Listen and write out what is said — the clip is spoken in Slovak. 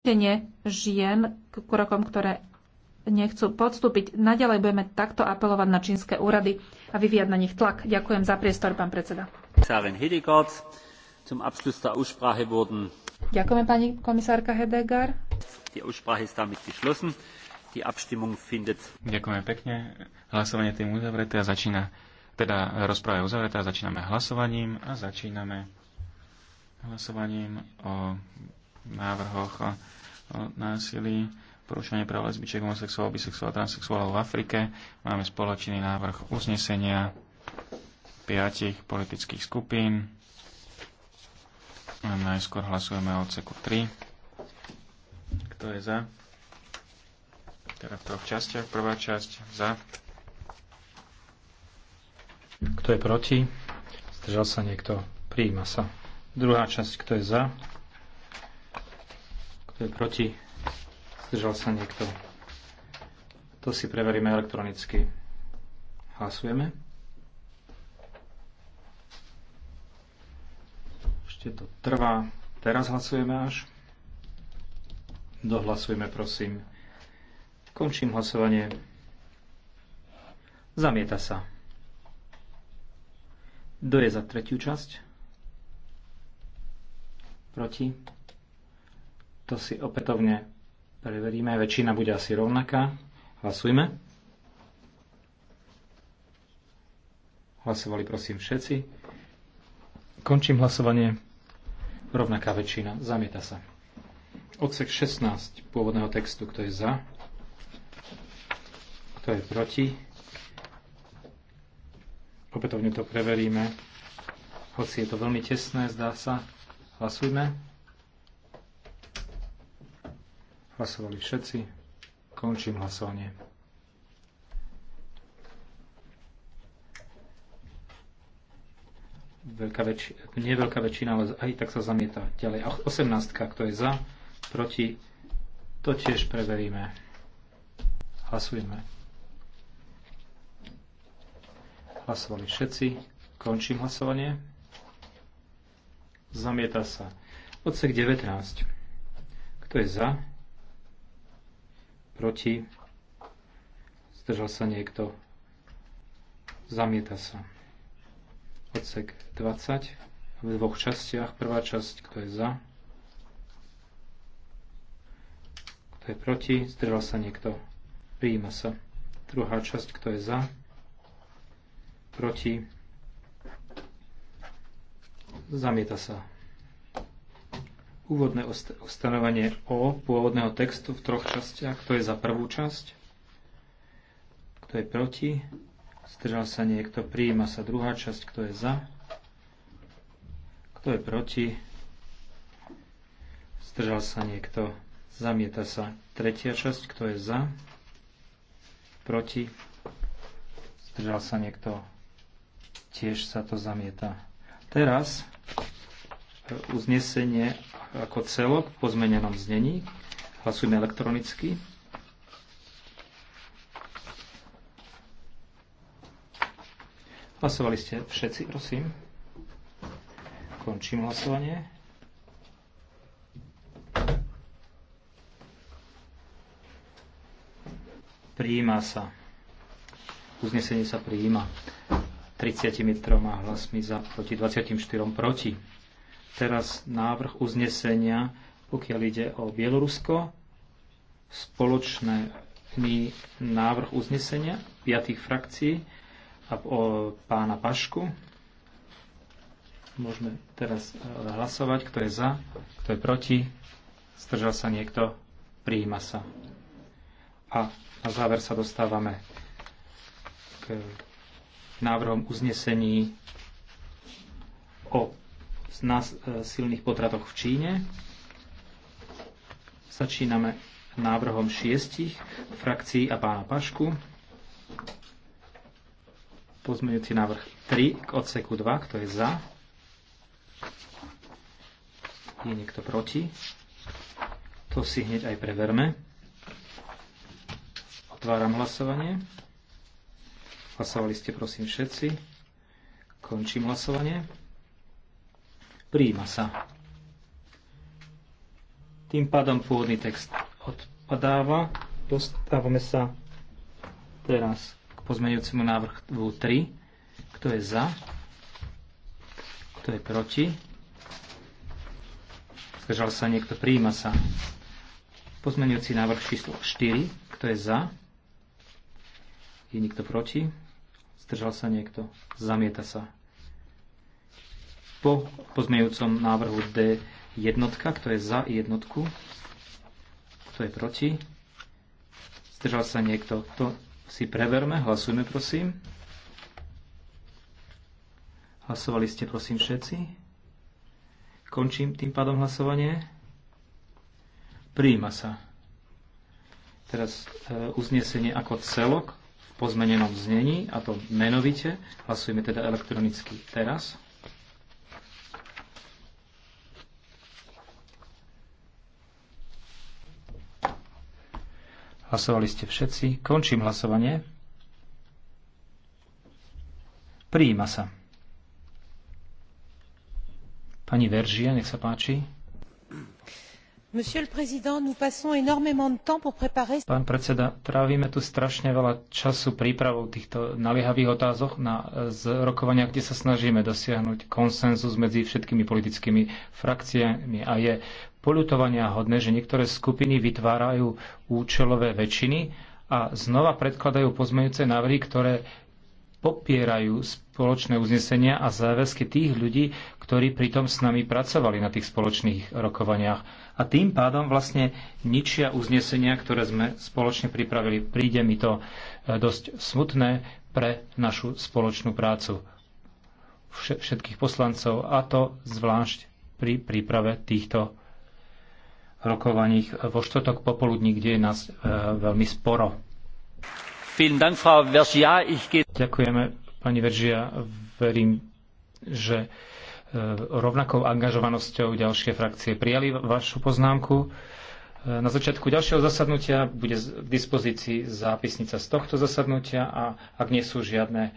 nutenie žien k krokom, ktoré nechcú podstúpiť. Naďalej budeme takto apelovať na čínske úrady a vyvíjať na nich tlak. Ďakujem za priestor, pán predseda. Ďakujeme pani komisárka Hedegar. Ďakujem pekne. Hlasovanie tým uzavreté a začína, teda rozpráva je uzavretá, začíname hlasovaním a začíname hlasovaním o návrhoch o násilí, porušenie práv lesbičiek, homosexuálov, bisexuálov, transexuálov v Afrike. Máme spoločný návrh uznesenia piatich politických skupín. A najskôr hlasujeme o odseku 3. Kto je za? Teda v troch častiach. Prvá časť za. Kto je proti? Zdržal sa niekto? Prijíma sa. Druhá časť, kto je za? Kto je proti? Zdržal sa niekto? To si preveríme elektronicky. Hlasujeme. Ešte to trvá. Teraz hlasujeme až. Dohlasujme, prosím. Končím hlasovanie. Zamieta sa. Kto je za tretiu časť? Proti? To si opätovne preveríme. Väčšina bude asi rovnaká. Hlasujme. Hlasovali prosím všetci. Končím hlasovanie. Rovnaká väčšina. Zamieta sa. Odsek 16 pôvodného textu. Kto je za? Kto je proti? Opätovne to preveríme. Hoci je to veľmi tesné, zdá sa. Hlasujme. Hlasovali všetci. Končím hlasovanie. Veľká väč- nie veľká väčšina, ale aj tak sa zamieta. Ďalej 18, kto je za, proti, to tiež preveríme. Hlasujeme. Hlasovali všetci. Končím hlasovanie. Zamieta sa. Odsek 19. Kto je za? proti, zdržal sa niekto, zamieta sa. Odsek 20 v dvoch častiach. Prvá časť, kto je za, kto je proti, zdržal sa niekto, prijíma sa. Druhá časť, kto je za, proti, zamieta sa. Úvodné ustanovanie O pôvodného textu v troch častiach. Kto je za prvú časť? Kto je proti? Zdržal sa niekto. Prijíma sa druhá časť. Kto je za? Kto je proti? Zdržal sa niekto. Zamieta sa tretia časť. Kto je za? Proti? Zdržal sa niekto. Tiež sa to zamieta. Teraz uznesenie ako celok po zmenenom znení. Hlasujme elektronicky. Hlasovali ste všetci, prosím. Končím hlasovanie. Prijíma sa. Uznesenie sa prijíma 33 hlasmi za proti 24 proti teraz návrh uznesenia, pokiaľ ide o Bielorusko, spoločný návrh uznesenia piatých frakcií a o pána Pašku. Môžeme teraz e, hlasovať, kto je za, kto je proti. Zdržal sa niekto, prijíma sa. A na záver sa dostávame k návrhom uznesení na e, silných potratoch v Číne. Začíname návrhom šiestich frakcií a pána Pašku. Pozmeňujúci návrh 3 k odseku 2, kto je za. Je niekto proti? To si hneď aj preverme. Otváram hlasovanie. Hlasovali ste prosím všetci. Končím hlasovanie príjma sa. Tým pádom pôvodný text odpadáva. Dostávame sa teraz k pozmeňujúcemu návrhu 3. Kto je za? Kto je proti? Zdržal sa niekto? príjma sa. Pozmeňujúci návrh číslo 4. Kto je za? Je nikto proti? Zdržal sa niekto? Zamieta sa po pozmejúcom návrhu D jednotka, kto je za jednotku, kto je proti. Zdržal sa niekto. To si preverme. Hlasujme, prosím. Hlasovali ste, prosím, všetci. Končím tým pádom hlasovanie. Príjima sa. Teraz e, uznesenie ako celok v pozmenenom znení, a to menovite. Hlasujeme teda elektronicky teraz. Hlasovali ste všetci. Končím hlasovanie. Prijíma sa. Pani Veržia, nech sa páči. Pán predseda, trávime tu strašne veľa času prípravou týchto naliehavých otázok na eh, zrokovania, kde sa snažíme dosiahnuť konsenzus medzi všetkými politickými frakciami a je poľutovania hodné, že niektoré skupiny vytvárajú účelové väčšiny a znova predkladajú pozmeňujúce návrhy, ktoré popierajú spoločné uznesenia a záväzky tých ľudí, ktorí pritom s nami pracovali na tých spoločných rokovaniach. A tým pádom vlastne ničia uznesenia, ktoré sme spoločne pripravili. Príde mi to e, dosť smutné pre našu spoločnú prácu všetkých poslancov a to zvlášť pri príprave týchto rokovaní vo štvrtok popoludní, kde je nás e, veľmi sporo. Ďakujeme, pani Veržia. Verím, že E, rovnakou angažovanosťou ďalšie frakcie prijali vašu poznámku. E, na začiatku ďalšieho zasadnutia bude k dispozícii zápisnica z tohto zasadnutia a ak nie sú žiadne